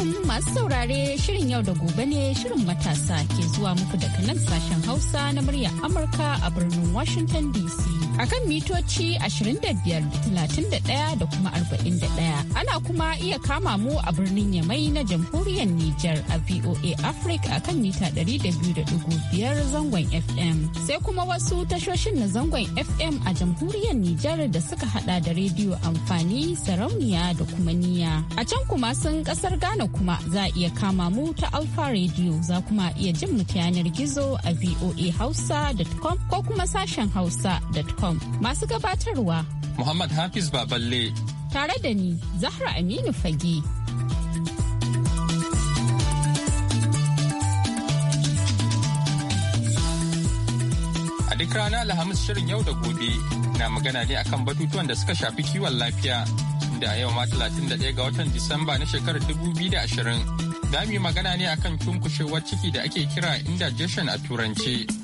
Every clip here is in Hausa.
alaikum masu saurare shirin yau da gobe ne shirin matasa ke zuwa muku daga nan sashen Hausa na murya Amurka a birnin Washington DC. a kan mitoci 25,31 da kuma 41. Ana kuma iya kama mu a birnin Yamai na jamhuriyar Nijar a VOA Africa a kan mita 200.5 zangon FM. Sai kuma wasu tashoshin na zangon FM a jamhuriyar Nijar da suka hada da rediyo amfani sarauniya da kuma niya. A can kuma sun kasar Ghana kuma za a iya kama mu ta Alfa rediyo za kuma iya jin mu ta yanar gizo a voahausa.com ko kuma sashen hausa.com. com masu gabatarwa Muhammad Hafiz Baballe tare da ni Zahra Aminu Fage. A duk rana Alhamis shirin yau da gobe na magana ne akan batutuwan da suka shafi kiwon lafiya da a yau ma 31 ga watan Disamba na shekarar 2020. Za mu yi magana ne akan cunkushewar ciki da ake kira indigestion a turance.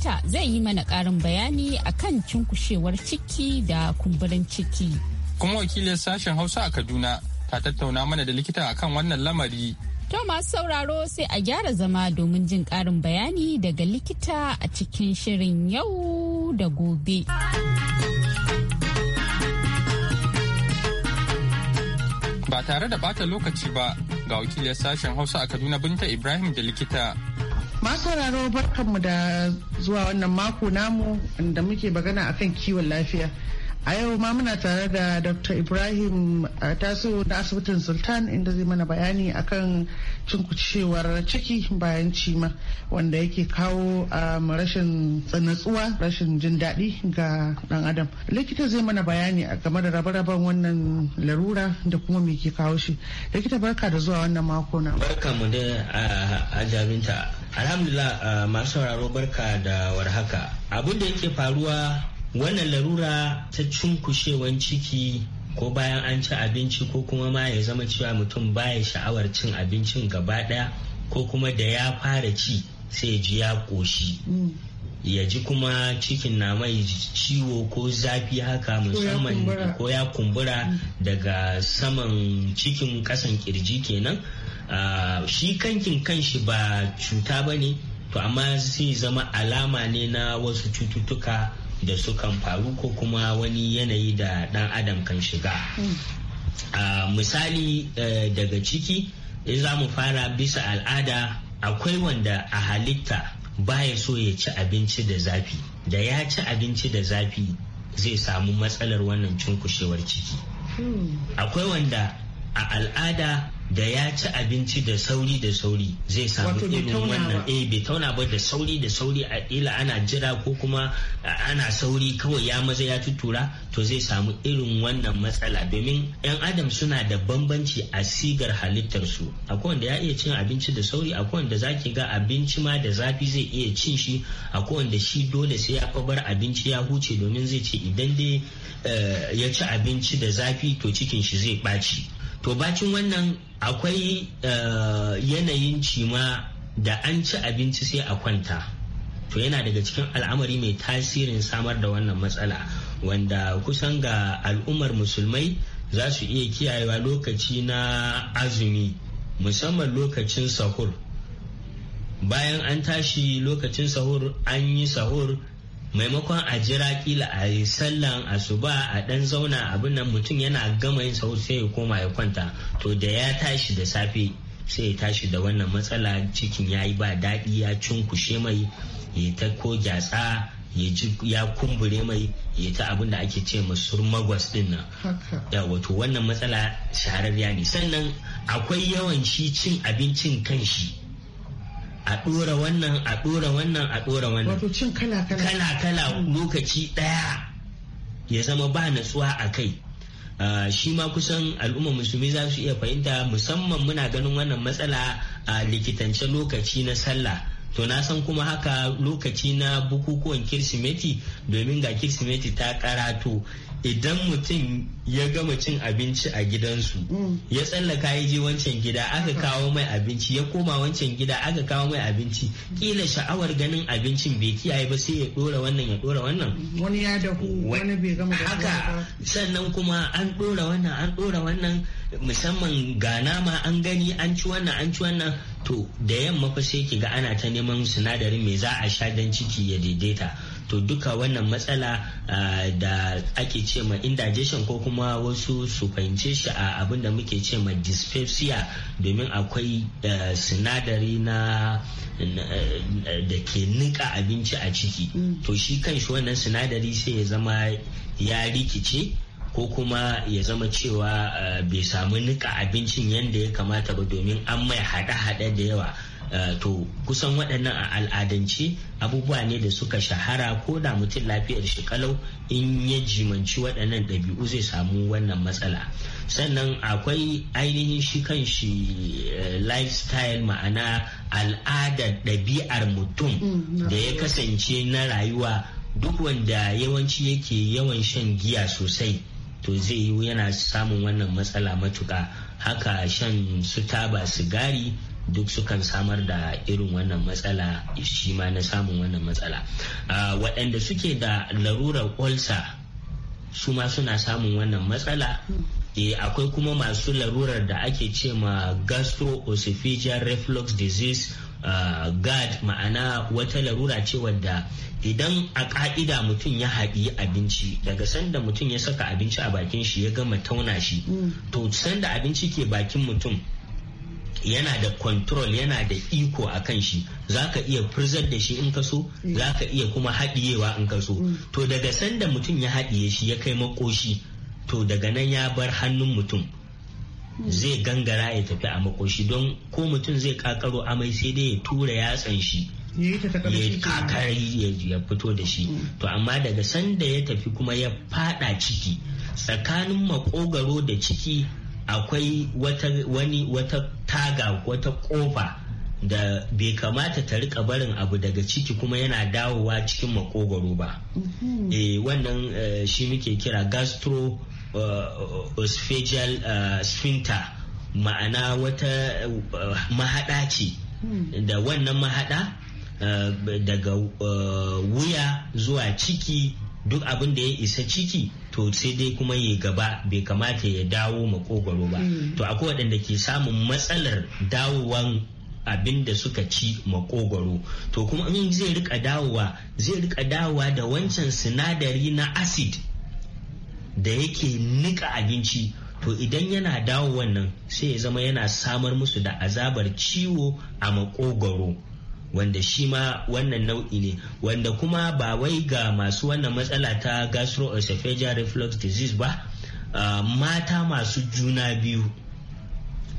likita zai yi mana ƙarin bayani akan cunkushewar ciki da kumburin ciki. Kuma wakilin sashen Hausa a Kaduna ta tattauna mana da likita akan wannan lamari. To masu sauraro sai a gyara zama domin jin karin bayani daga likita a cikin shirin yau da gobe. Ba tare da bata lokaci ba ga wakiliyar sashen Hausa a Kaduna Binta Ibrahim da likita. Masu sauraro barkanmu da zuwa wannan mako namu da muke magana akan kiwon lafiya. A yau ma muna tare da Dr. Ibrahim Taso na asibitin Sultan inda zai mana bayani akan cinkucewar ciki bayan cima wanda yake kawo um, rashin tsanatsuwa rashin jin daɗi ga ɗan adam. Likita zai mana bayani game da rabe-raben wannan larura da kuma me ke kawo shi. Likita barka da zuwa wannan mako na. Barka mu da ajabinta. Alhamdulillah masu sauraro barka da warhaka. Abin da yake faruwa wannan larura ta cunkushewan ciki ko bayan an ci abinci ko kuma ma ya zama cewa mutum baya sha'awar cin abincin gaba ɗaya ko kuma da ya fara ci sai ji ya koshi. Mm. ya ji kuma cikin na mai ciwo ko zafi haka musamman ko ya kumbura mm. daga saman cikin kasan kirji kenan ah, shi kankin kanshi ba cuta ba ne to amma zai zama alama ne na wasu cututtuka da sukan faru ko kuma wani yanayi da dan adam kan shiga hmm. misali e, daga ciki za mu fara bisa al'ada akwai wanda a halitta baya so ya ci abinci da zafi da ya ci abinci da zafi zai samu matsalar wannan cunkushewar ciki hmm. akwai wanda a al'ada da ya ci abinci da sauri da sauri zai samu irin wannan eh bai tauna ba da sauri da sauri a ila ana jira ko kuma ana sauri kawai ya maza ya tutura to zai samu irin wannan matsala domin yan adam suna da bambanci a sigar halittar su akwai wanda ya iya cin abinci da sauri akwai wanda zaki ga abinci ma da zafi zai iya cin shi akwai wanda shi dole sai ya bar abinci ya huce domin zai ce idan dai eh, ya ci abinci da zafi to cikin shi zai ɓaci to bacin wannan akwai eh, yanayin cima da an ci abinci sai a kwanta to yana daga cikin al'amari mai tasirin samar da wannan matsala wanda kusan ga al'ummar musulmai za su iya kiyayewa lokaci na azumi musamman lokacin sahur bayan an tashi lokacin sahur an yi sahur maimakon a jira kila a yi sallan asuba a dan zauna abin nan mutum yana gama yin sau sai ya koma ya kwanta to da ya tashi da safe sai ya tashi da wannan matsala cikin ya yi ba daɗi ya cunkushe mai ya ta ko gyatsa ya kumbure mai ya ta abin da ake ce masur magwas din nan ya wato wannan matsala shahararriya ne sannan akwai yawan shi cin abincin kanshi a ɗora wannan a ɗora wannan a ɗora wannan wato cin kala kala kala kala lokaci ɗaya ya zama ba natsuwa a kai ah, shi ma kusan al'umma musulmi za su iya fahimta musamman muna ganin wannan matsala a likitance lokaci na sallah to na san kuma haka lokaci na bukukuwan kirsimeti domin ga kirsimeti ta karato idan mutum ya gama cin abinci a gidansu mm. ya tsallaka ya je wancan gida aka kawo mai abinci ya koma wancan gida aka kawo mai abinci kila sha'awar ganin abincin bai kiyaye ba sai ya dora wannan ya dora wannan wani ya dahu wani bai gama da haka sannan kuma an dora wannan an dora wannan musamman ga nama an gani an ci wannan an ci wannan to da yamma fa sai ki ga ana ta neman sinadarin me za a sha dan ciki ya daidaita to duka wannan matsala da ake ce ma indigestion ko kuma wasu su fahimce shi a abin da muke ce ma dyspepsia domin akwai sinadari na da ke nika abinci a ciki mm. to shi kan shi wannan sinadari sai ya zama ya rikice ko kuma ya zama cewa eh, bai samu nika abincin yadda ya kamata ba domin an mai haɗe-haɗe da yawa eh, to kusan waɗannan a al'adance abubuwa ne da suka shahara ko da mutum lafiyar shi kalau in ya jimanci waɗannan ɗabi'u zai samu wannan matsala sannan akwai ainihin shi kan shi eh, lifestyle ma'ana al'adar ɗabi'ar mutum mm, da ya kasance na rayuwa duk wanda yawanci yake yawan shan giya sosai to zai yi yana samun wannan matsala matuka haka shan su taba sigari duk sukan samar da irin wannan matsala shi ma na samun wannan matsala waɗanda suke da larurar olsa su ma suna samun wannan matsala e, akwai kuma masu larurar da ake ce ma gastroesophageal reflux disease gad ma'ana wata larura ce wadda idan a ka'ida mutum ya haɗi abinci daga sanda mutum ya saka abinci a bakin shi ya gama tauna shi to sanda abinci ke bakin mutum yana da control yana da iko a kan shi za ka iya firzar da shi in ka so za ka iya kuma haɗiyewa in ka so to daga sanda mutum ya haɗiye shi ya kai makoshi to daga nan ya bar hannun mutum zai gangara ya tafi a makoshi don ko mutum zai kakaro amai sai dai ya tura yatsan shi ya kakari ya fito da shi mm. to amma daga sanda ya tafi kuma ya fada ciki tsakanin makogaro da ciki akwai wata wani wata taga wata kofa da bai kamata ta rika barin abu daga ciki kuma yana dawowa cikin makogaro ba mm-hmm. eh, wannan eh, shi muke kira gastro osphagial uh, uh, uh, sphincter ma'ana wata mahaɗa ce hmm. da wannan mahaɗa daga wuya zuwa ciki duk abin da ya isa ciki to sai dai kuma ya gaba bai kamata ya dawo makogwaro ba hmm. to akwai waɗanda ke samun matsalar dawowan abin da suka ci makogwaro to kuma in zai rika dawowa zai rika dawowa da wancan sinadari na acid da yake nika abinci to idan yana dawo wannan sai ya zama yana samar musu da azabar ciwo a makogoro wanda shi ma wannan nau'i ne wanda kuma ba wai ga masu wannan matsala ta gastroesophageal reflux disease ba uh, mata masu juna biyu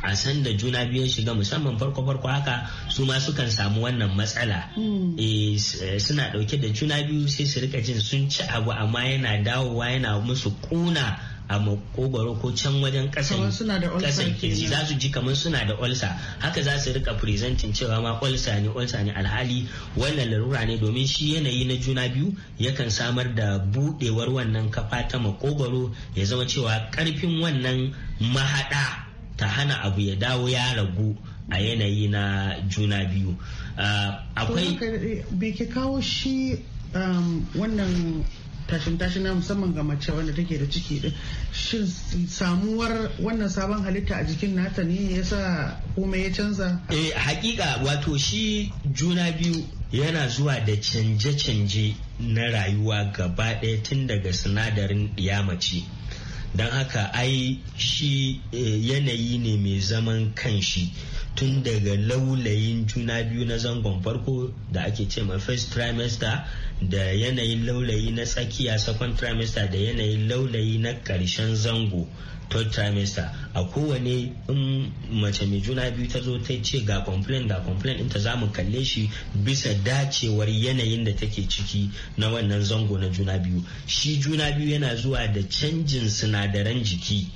a san da juna biyun shiga musamman farko farko haka su ma sukan samu wannan matsala hmm. eh, eh, suna dauke da juna biyu sai su rika jin sun ci abu amma yana dawowa yana musu kuna a makogwaro ko can wajen kasan kirji za su ji kamar suna da olsa haka za su rika presenting cewa ma olsa ne olsa ne alhali wannan larura ne domin shi yanayi na juna biyu yakan samar da budewar wannan kafa ta makogoro ya zama cewa karfin wannan mahada ta hana abu ya dawo ya ragu a yanayi na juna biyu ah, akwai bai eh, ke kawo shi um, wannan tashin tashin na musamman ga mace wanda take da ciki shin samuwar wannan sabon halitta a jikin nata ne sa kuma ya canza eh hakika wato shi juna biyu yana zuwa da canje-canje na rayuwa gaba ɗaya tun daga sinadarin mace don haka ai shi eh, yanayi ne mai zaman kanshi tun daga laulayin juna biyu na zangon farko da ake ce ma first trimester da yanayin laulayi na tsakiya second trimester da yanayin laulayi na ƙarshen zango third trimester a kowane in mace mai juna biyu ta zo ta ce ga complain ga complain ɗinta za mu kalle shi bisa dacewar yanayin da take ciki na wannan zango na juna biyu shi juna biyu yana zuwa da canjin sinadaran jiki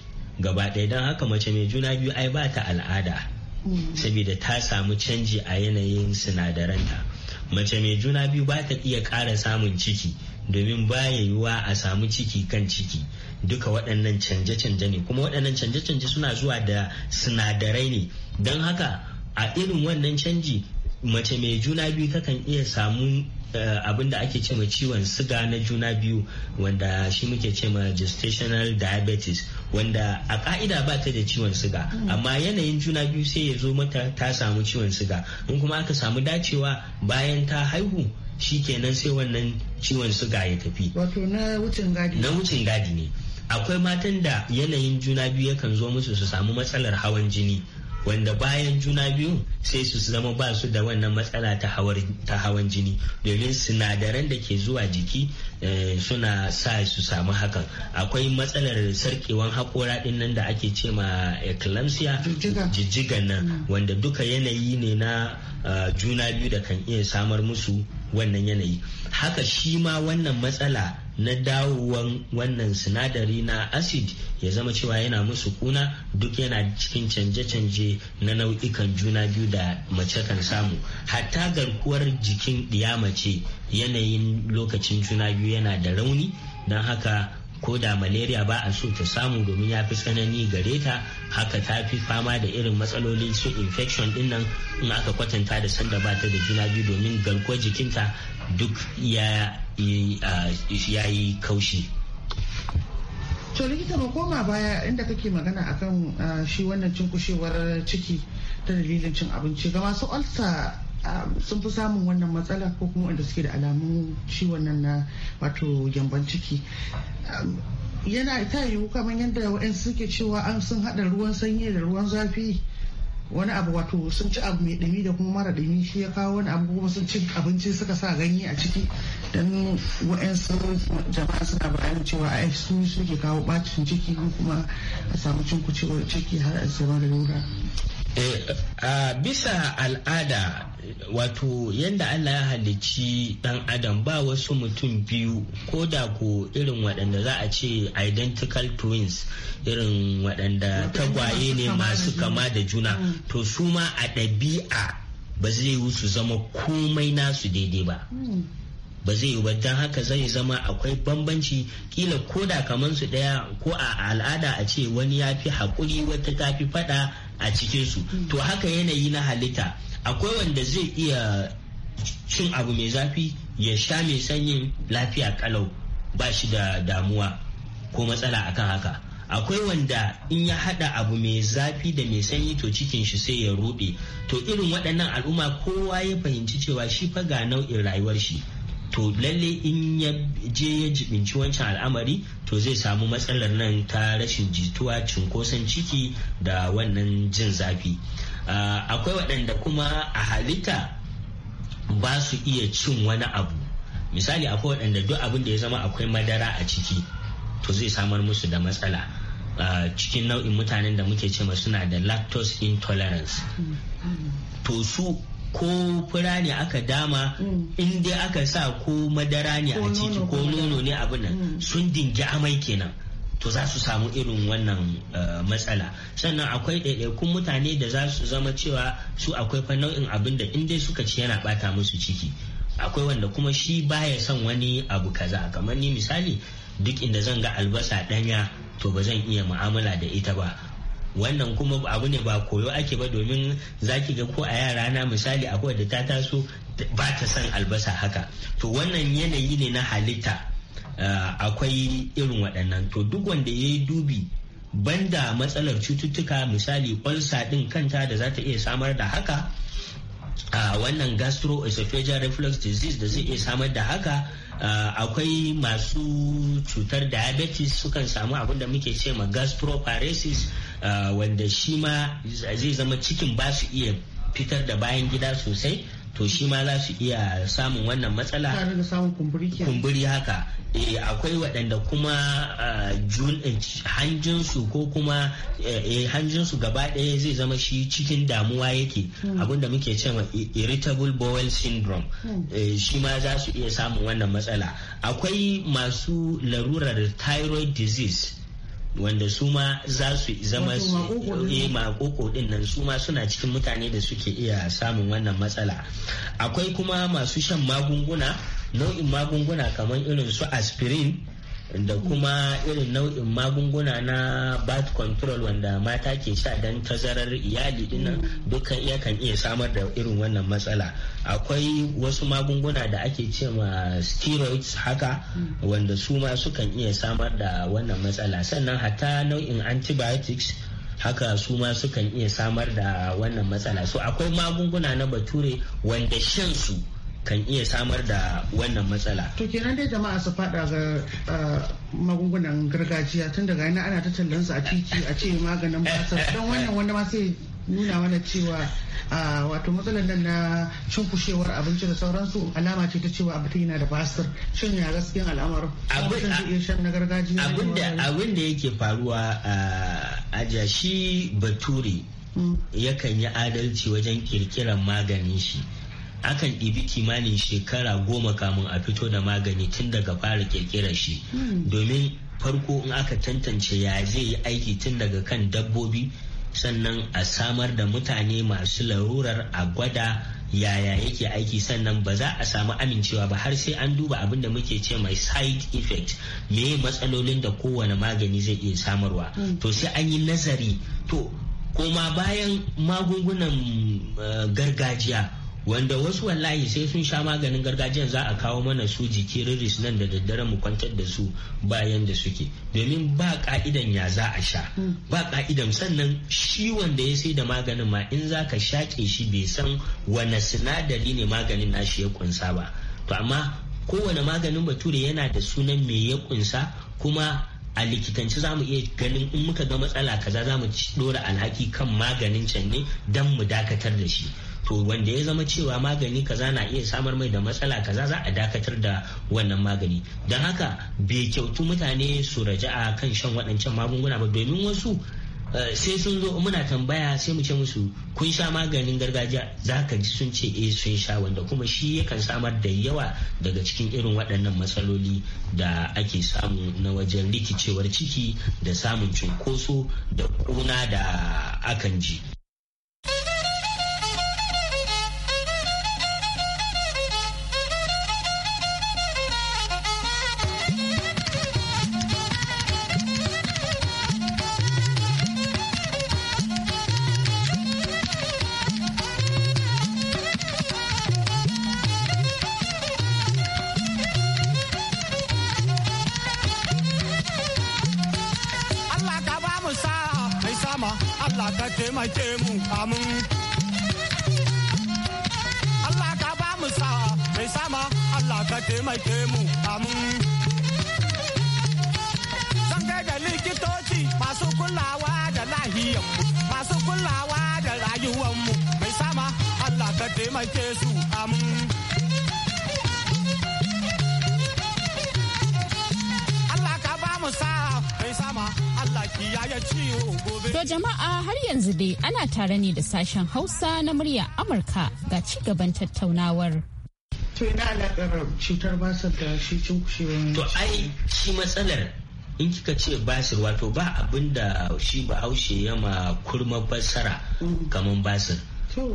gaba ɗaya don haka mace mai juna biyu ai ba ta al'ada mm. saboda ta samu canji a yanayin sinadaranta mace mai juna biyu ba ta iya ƙara samun ciki domin baya yiwuwa a samu ciki kan ciki duka waɗannan canje-canje ne kuma waɗannan canje-canje suna zuwa da sinadarai ne don haka a irin wannan canji mace mai juna biyu kakan iya samun eh, abin da ake cewa ciwon siga na juna biyu wanda shi muke cewa gestational diabetes wanda a ka'ida ba ta da ciwon siga mm. amma yanayin juna biyu sai ya zo mata ta samu ciwon siga in kuma aka samu dacewa bayan ta haihu shi kenan sai wannan ciwon siga ya tafi wato na wucin gadi na wucin gadi ne akwai matan da yanayin juna biyu yakan zo musu su samu matsalar hawan jini wanda bayan juna biyu sai su zama ba su da wannan matsala ta hawan jini domin sinadaran da ke zuwa jiki eh, suna sa su samu hakan akwai matsalar sarkewan haƙora ɗin nan da ake ce ma eclampsia jijjigan nan hmm. wanda duka yanayi ne na ah, juna biyu da kan iya samar musu wannan yanayi haka shi ma wannan matsala na dawowan wannan sinadari na acid ya zama cewa yana musu kuna duk yana cikin canje-canje na nau'ikan juna biyu da mace kan samu hatta garkuwar jikin ɗiya mace yanayin lokacin juna biyu yana da rauni don haka ko da malaria ba a so ta samu domin ya fi tsanani gare ta haka ta fi fama da irin matsalolin su infection din nan in aka kwatanta da sanda ba ta da juna biyu domin garkuwar jikinta duk ya yi kaushi to likita mu koma baya inda kake magana akan shi wannan cinkushewar ciki ta dalilin cin abinci ga masu ulcer Um, sun fi samun wannan matsala ko kuma wanda suke da alamun ciwon nan na wato gyamban ciki um, yana ta yiwu kamar yadda waɗansu suke cewa an sun haɗa ruwan sanyi da ruwan zafi wani abu wato sun ci abu mai ɗumi da kuma mara ɗumi shi ya kawo wani abu kuma sun ci abinci suka sa ganye a ciki don wa'yansu jama'a suna bayan cewa a su suke kawo bacin ciki kuma a samu cinkucewar ciki har a zama da lura. Eh, a ah, bisa al'ada wato yadda allah ya halicci dan adam ba wasu mutum biyu ko da ko irin waɗanda za a ce identical twins irin waɗanda tagwaye ne masu kama da juna mm. to su ma a ɗabi'a ba zai su zama komai nasu daidai ba mm. ba zai yi ba don haka zai zama akwai bambanci kila ko da kamar su daya ko a al'ada a ce wani ya fi haƙuri wata ta fi faɗa a cikinsu mm. to haka yanayi na halitta akwai wanda zai iya cin abu mai zafi ya sha mai sanyin lafiya kalau ba shi da damuwa ko matsala akan haka akwai wanda in ya hada abu mai zafi da mai sanyi to cikin shi sai ya ruɗe to irin waɗannan al'umma kowa ya fahimci cewa shi fa ga nau'in rayuwar shi to lalle in ya je ya jibinci wancan al'amari to zai samu matsalar nan ta rashin jituwa cinkoson ciki da wannan jin zafi ah, akwai waɗanda kuma a halitta ba su iya cin wani abu misali akwai waɗanda duk abin da ya zama akwai madara a ciki to zai samar musu da matsala ah, cikin nau'in mutanen da muke ce suna da lactose intolerance mm, mm. to su ko fura ne aka dama mm. in dai aka sa ko madara ne a ciki ko nono ne abin nan mm. sun dingi amai kenan to za su samu irin wannan eh, matsala sannan akwai ɗaiɗaikun mutane da za su zama cewa su akwai fa nau'in abin da in dai suka ci yana bata musu ciki akwai wanda kuma shi baya son wani abu kaza kamar ni misali duk inda zan ga albasa ɗanya to ba zan iya mu'amala da ita ba wannan kuma abu ne ba koyo ake ba domin zaki ga ko a yara na misali akwai da ta taso ba ta son albasa haka to wannan yanayi ne na halitta eh, akwai irin waɗannan to duk wanda ya yi dubi banda matsalar cututtuka misali kwalsa ɗin kanta da za ta iya samar da haka a wannan gastroesophageal reflux disease da zai iya samar da haka akwai masu cutar diabetes sukan samu abin da muke ce ma gastroparesis wanda shi ma zai zama cikin ba su iya fitar da bayan gida sosai to shi ma za su iya samun wannan matsala kumburi haka eh, akwai waɗanda kuma eh, hanjinsu ko kuma eh, hanjinsu gaba ɗaya zai zama shi cikin damuwa yake hmm. abinda muke cewa irritable bowel syndrome hmm. shi ma za su iya samun wannan matsala akwai masu larurar thyroid disease wanda su ma za su zama eh, makoko din nan su ma suna cikin mutane da suke iya samun wannan matsala akwai kuma masu shan magunguna nau'in magunguna kamar irin su aspirin da kuma irin nau'in magunguna na birth control wanda mata ke sha don tazarar iyali dinnan dukkan yakan iya samar da irin wannan matsala akwai wasu magunguna da ake ce ma steroids haka wanda su ma sukan iya samar da wannan matsala sannan hatta nau'in antibiotics haka su ma sukan iya samar da wannan matsala so akwai magunguna na bature wanda shan su kan iya samar da wannan matsala. To kenan dai jama'a su fada ga uh, magungunan gargajiya tun daga yana ana ta tallansu a titi a ce maganin basar don wannan wanda ma sai nuna mana cewa uh, wato matsalar nan na cunkushewar abinci da sauransu alama ce ta cewa abu yana da basir shin ya gaskiyan al'amarin abin da shan na gargajiya abin da yake faruwa uh, a jashi bature mm. yakan yi adalci wajen kirkiran maganin shi akan ɗibi kimanin shekara goma kamun a fito da magani tun daga fara ƙirƙirar shi hmm. domin farko in aka tantance ya zai yi aiki tun daga kan dabbobi sannan a samar da mutane masu larurar a gwada yaya yake aiki sannan ba za a samu amincewa ba har sai an duba abin da muke ce mai side effect me matsalolin da kowane magani zai iya samarwa hmm. to sai an yi nazari to koma bayan magungunan eh, gargajiya wanda wasu wallahi sai sun sha maganin gargajiyan za a kawo mana su jiki riris nan da daddare mu kwantar da su bayan da suke domin ba ka'idan ya za a sha mm. ba ka'idan sannan shi wanda ya sai da maganin ma in za ka shaƙe shi bai san wane sinadari ne maganin nashi ya kunsa ba to amma kowane maganin bature yana da sunan me ya kunsa kuma a likitanci za mu iya ganin in muka ga matsala kaza za mu dora alhaki kan maganin can ne don mu dakatar da shi to wanda ya zama cewa magani kaza na iya samar mai da matsala kaza za a dakatar da wannan magani don haka bai kyautu mutane su raja'a kan shan waɗancan magunguna ba domin wasu eh, sai sun zo muna tambaya sai mu ce musu kun sha maganin gargajiya za ka ji sun ce eh sun sha wanda kuma shi yakan samar da yawa daga cikin irin waɗannan matsaloli da ake samu na wajen rikicewar ciki da samun cunkoso da kuna da akan ji taimake mu amin. Allah ka ba mu sa'a mai sama Allah ka taimake mu amin. Zan da likitoci masu kulawa da lahiyanmu masu kulawa da rayuwanmu mai sama Allah ka taimake su amin. Allah ka ba mu sa'a mai sama Allah kiyaye ciwo To jama'a har yanzu dai ana tare ne da sashen Hausa na murya Amurka ga ci gaban tattaunawar. To ina alaƙar cutar basir da shi cinkushewar. To ai shi matsalar in kika ce basir wato ba abin da shi bahaushe ya ma kurma basara mm. kamar basir.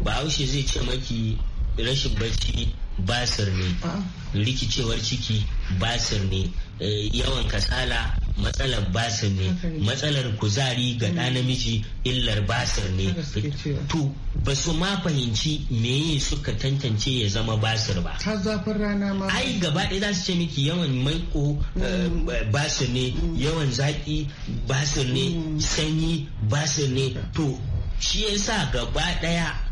Bahaushe zai ce maki rashin bacci basir ne rikicewar ciki basir ne eh, yawan kasala matsalar basir ne matsalar kuzari ga ɗa hmm. namiji illar basir ne to ba su ma fahimci meye suka tantance ya zama basir ba ta zafin rana ma ai gaba ɗaya za su ce miki yawan maiko hmm. eh, basir ne hmm. yawan zaki basir ne sanyi basir ne to shi yasa gaba ɗaya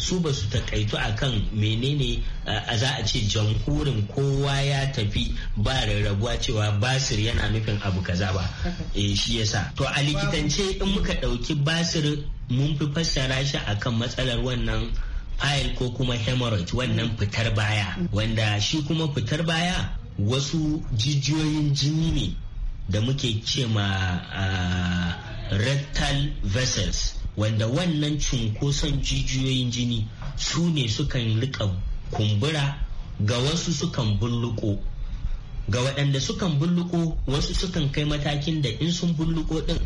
su ba su takaitu akan menene a za a ce jamhurin kowa ya tafi ba rarrabuwa cewa basir yana nufin abu kaza ba e shi yasa to a likitance in muka ɗauki basir mun fi fassara shi akan matsalar wannan fayil ko kuma hemorrhoid wannan fitar baya wanda shi kuma fitar baya wasu jijiyoyin jini ne da muke ce ma rectal vessels wanda wannan cunkoson jijiyoyin jini su ne sukan riƙa kumbura ga wasu sukan bulluko ga waɗanda sukan bulluko wasu sukan kai matakin da in sun bulluko ɗin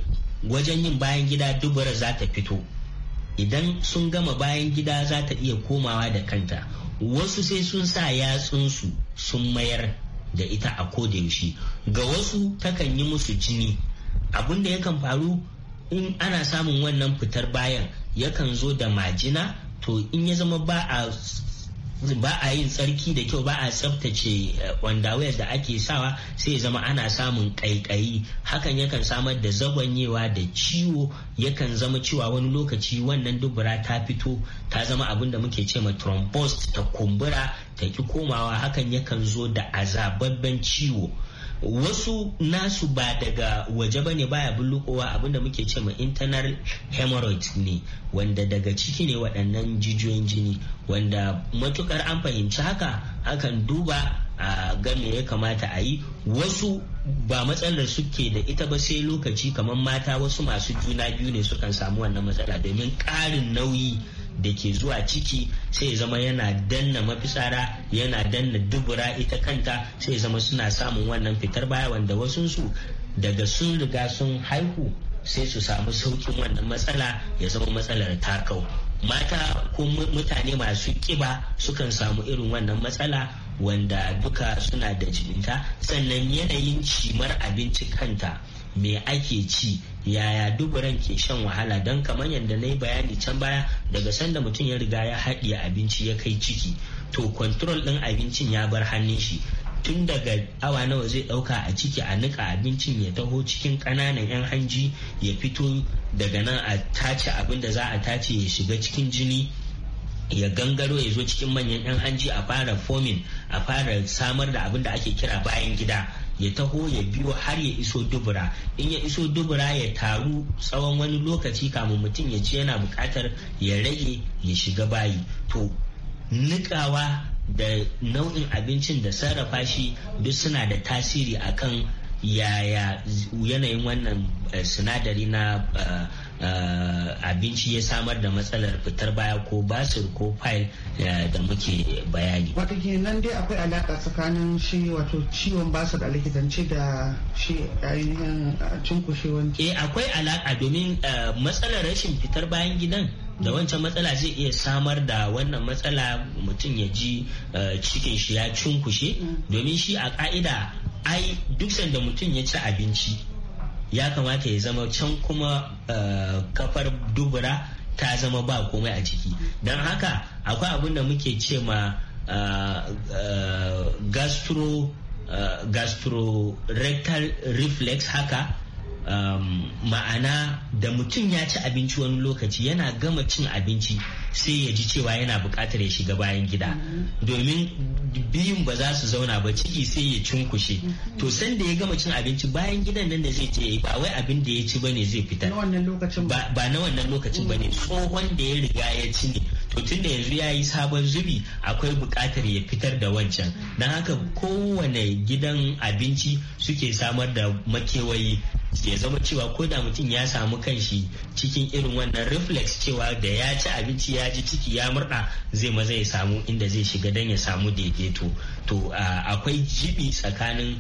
wajen yin bayan gida dubura za ta fito idan sun gama bayan gida za ta iya komawa da kanta wasu sai sun sa yatsunsu sun mayar da ita a koda yaushe ga wasu takan yi musu jini abin da yakan faru in ana samun wannan fitar bayan yakan zo da majina to in ya zama ba a ba a yin tsarki da kyau ba a tsabtace eh, wandawayar da ake sawa sai zama ana samun ƙaiƙayi hakan yakan samar da zabanyewa da ciwo yakan zama cewa wani lokaci wannan dubura ta fito ta zama abin da muke ce ma trombost ta kumbura ta ki komawa hakan yakan zo da azababben ciwo wasu nasu ba daga waje ba ne baya bullukowa abinda muke ce ma internal hemorrhoids ne wanda daga ciki ne waɗannan jijiyoyin jini wanda matukar an fahimci haka akan duba a game ya kamata a yi wasu ba matsalar suke da ita ba sai lokaci kamar mata wasu masu juna biyu ne sukan samu wannan matsala domin ƙarin nauyi da ke zuwa ciki sai zama yana danna mafitsara yana danna dubura ita kanta sai zama suna samun wannan fitar baya wanda wasunsu daga sun riga sun haihu sai su samu saukin wannan matsala ya zama matsalar takau mata ko mutane masu kiba sukan samu irin wannan matsala wanda duka suna da jininta sannan yanayin cimar abinci kanta me ake ci yaya ran ke shan wahala don kamar yadda na yi bayani can baya daga sanda mutum ya riga ya haɗiye abinci ya kai ciki to kwantrol ɗin abincin ya bar hannun shi tun daga awa nawa zai ɗauka a ciki a nika abincin ya taho cikin ƙananan 'yan hanji ya fito daga nan a tace abin da za a tace ya shiga cikin jini ya gangaro ya zo cikin manyan 'yan hanji a fara fomin a fara samar da abin da ake kira bayan gida ya taho ya biyo har ya iso dubura in ya iso dubura ya taru tsawon wani lokaci kamun mutum ya ci yana buƙatar ya rage ya shiga bayi to nikawa da nau'in abincin da sarrafa shi duk suna da tasiri akan yaya yanayin wannan eh, sinadari na eh, Eh, abinci ya samar da matsalar fitar baya ko basir ko fayil eh, da muke bayani wato nan dai akwai alaƙa tsakanin shi wato ciwon basir a likitance da shi ainihin eh, cinkushewan eh akwai alaƙa domin matsalar rashin fitar bayan gidan da wancan matsala zai iya samar da wannan matsala mutum ya ji cikin shi ya cunkushe mm. domin shi a ka'ida ai duk sanda mutum ya ci abinci ya kamata ya zama can kuma eh, kafar dubura ta zama ba komai a ciki don haka akwai abin da muke ce ma eh, eh, gastro Uh, reflex haka um, ma'ana da mutum ya ci abinci wani lokaci yana gama cin abinci sai ya ji cewa yana buƙatar ya shiga bayan gida mm-hmm. domin biyun ba za su zauna ba ciki sai ya cunkushe mm-hmm. to sanda ya gama cin abinci bayan gidan nan da zai ce ba wai abin da ya ci bane zai fitar ba na wannan lokacin bane mm-hmm. tsohon da ya riga ya ci ne to tun da yanzu ya yi sabon zubi akwai buƙatar ya fitar da wancan don haka kowane gidan abinci suke samar da makewayi ya zama cewa ko da mutum ya samu kanshi cikin irin wannan reflex cewa da ya ci abinci ya ji ciki ya murɗa zai maza ya samu inda zai shiga don ya samu daidaito to akwai jibi tsakanin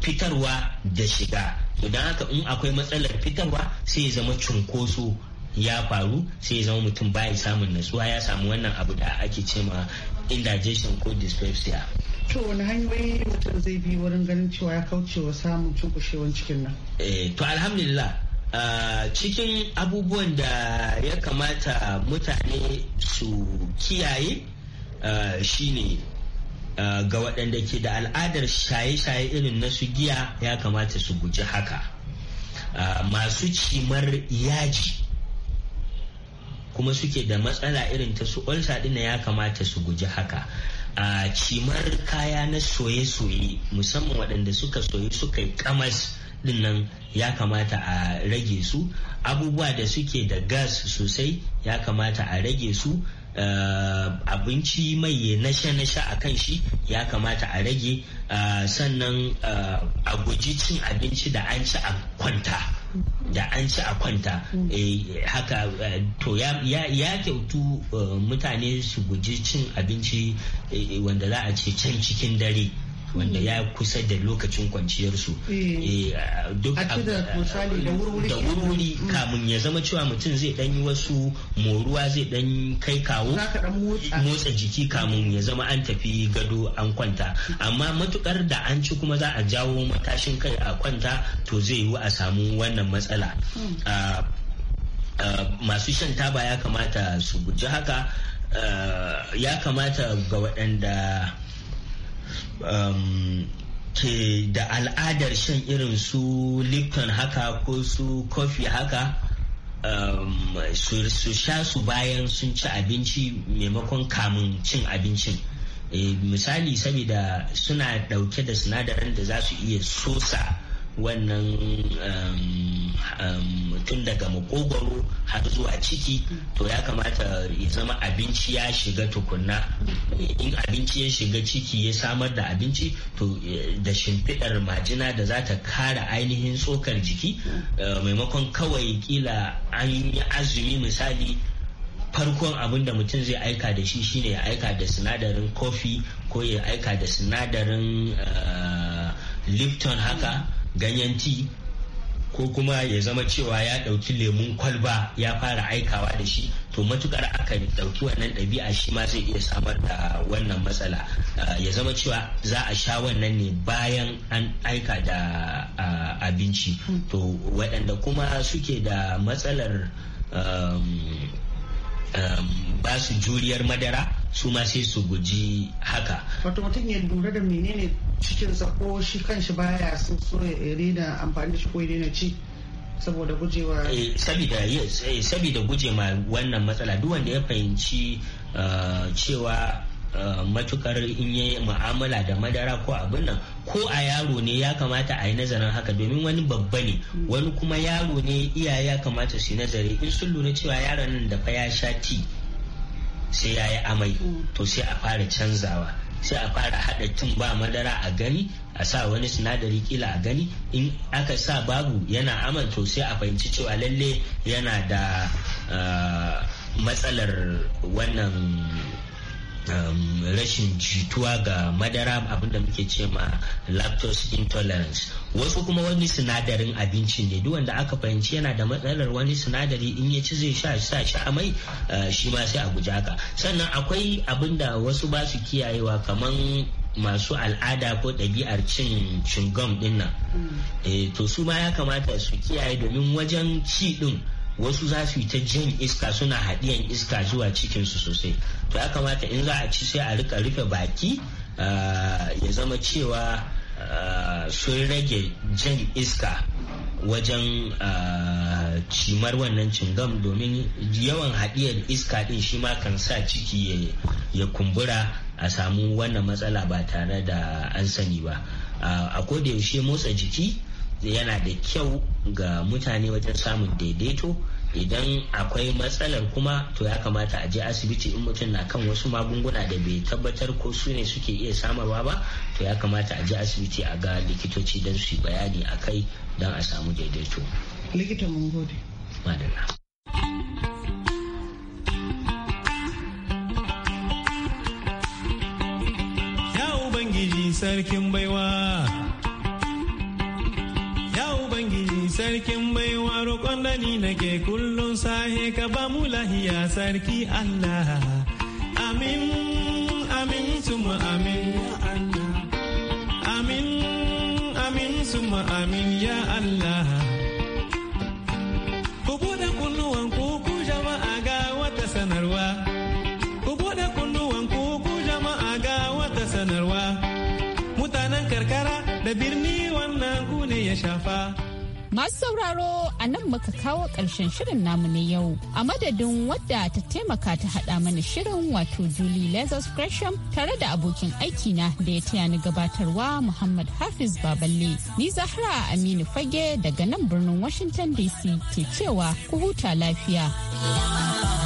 fitarwa da shiga to don haka in akwai matsalar fitarwa sai ya zama cunkoso ya faru sai ya zama mutum baya samun natsuwa ya samu wannan abu da ake cema indigestion ko dyspepsia to wani hanyoyi mutum zai bi wurin ganin cewa ya kauce wa samun cunkushewan cikin nan eh to alhamdulillah cikin abubuwan da ya kamata mutane su kiyaye shine ga waɗanda ke da al'adar shaye-shaye irin na su giya ya kamata su guji haka masu cimar yaji kuma suke da matsala irin ta su ulcer ɗin ya kamata su guji haka a cimar kaya na soye-soye musamman waɗanda suka soye suka yi kamas din ya kamata a rage su abubuwa da suke da gas sosai ya kamata a rage su abinci mai nasha-nasha a kan shi ya kamata a rage uh, sannan a guji cin abinci da an ci a kwanta da an ci a kwanta eh, haka eh, to ya kyautu eh, mutane su guji cin abinci wanda za a ce can cikin dare wanda ya hmm. kusa da lokacin kwanciyarsu eh. Eh, duk da wurwuri hmm. kamun ya zama cewa mutum zai ɗanyi wasu moruwa zai ɗan kai kawo motsa jiki kamun ya zama an tafi gado an kwanta amma matukar da an ci kuma za a jawo matashin kai a kwanta to zai yiwu a samu wannan matsala hmm. masu shan taba ya kamata su guji haka ya kamata ga waɗanda Um, ke da al'adar shan irin su lipton haka ko su kofi haka um, su sha su bayan sun ci abinci maimakon kamun cin abincin e, misali saboda suna dauke da sinadaran da za su iya sosa wannan um, um, tun daga makogwaro har zuwa ciki to ya kamata ya zama abinci ya shiga tukunna in abinci ya shiga ciki ya samar da abinci to eh, da shimfiɗar majina da za ta kare ainihin tsokar jiki eh, maimakon kawai kila an yi azumi misali farkon abin da mutum zai aika da shi shine ya aika da sinadarin kofi ko ya aika da sinadarin eh, lipton haka ganyen tea ko kuma ya zama cewa ya ɗauki lemun kwalba ya fara aikawa da shi to matukar aka ɗauki wannan ɗabi'a shi ma zai iya samar da wannan matsala ah, ya zama cewa za a sha wannan ne bayan an aika da ah, abinci to waɗanda kuma suke da matsalar um, um, ba su juriyar madara su ma sai su guji haka wato mutum ya lura da menene cikinsa ko shi kanshi baya so so ya da amfani da shi ko ya daina ci saboda gujewa eh, sabida eh, sabida gujema wannan matsala duk wanda ya fahimci eh, cewa matukar in yi mu'amala da madara ko abin nan ko a yaro ne ya kamata a yi nazarin haka domin wani babba ne mm. wani kuma yaro ne iyaye ya kamata su yi nazari in sun lura cewa yaron nan da fa ya sha ti sai ya yi amai mm. to sai a fara canzawa sai a fara haɗa tun ba madara a gani a sa wani sinadari kila a gani in aka sa babu yana aman to sai a fahimci cewa lalle yana da ah, matsalar wannan Um, rashin jituwa ga madara abinda muke ce ma lactose intolerance wasu kuma wani sinadarin abinci ne duk wanda aka fahimci yana da matsalar wani sinadari in ya ci zai sha sa shi amai uh, shi ma sai a guji haka sannan akwai abinda wasu ba su kiyayewa kamar masu al'ada ko ɗabi'ar cin cingam ɗin nan mm. eh, to su ma ya kamata su kiyaye domin wajen ci ɗin wasu za su yi ta jan iska suna haɗiyan iska zuwa cikinsu sosai to ya kamata in za a ci sai a rika rufe baki ah, ya zama cewa ah, sun rage jan iska wajen ah, cimar wannan cingam domin yawan haɗiyar iska ɗin shi ma kan sa ciki ya kumbura a samu wannan matsala ba tare da an sani ba a kodayaushe yaushe motsa jiki yana da kyau ga mutane wajen samun daidaito idan akwai matsalar kuma to ya kamata a je asibiti in mutum na kan wasu magunguna da bai tabbatar ko su ne suke iya samarwa ba to ya kamata a je asibiti a ga likitoci don su bayani a kai don a samu daidaito likita ubangiji sarkin baiwa wanda ni nake kullum sahe ka ba mu lahiya sarki Allah. Amin, amin, suma amin ya Allah. Amin, amin, suma amin ya Allah. Ku buɗe kunnuwan ku ku jama'a ga wata sanarwa. Ku buɗe kunnuwan ku ku jama'a ga wata sanarwa. Mutanen karkara da birni wannan ku ne ya shafa. Masu sauraro a nan muka kawo ƙarshen shirin namu ne yau. A madadin wadda ta taimaka ta haɗa mana shirin wato Julie Lazarus Gresham tare da abokin aikina da ya taya ni gabatarwa Muhammad Hafiz Baballe. Ni Zahra Aminu Fage daga nan birnin Washington DC ke cewa ku huta lafiya.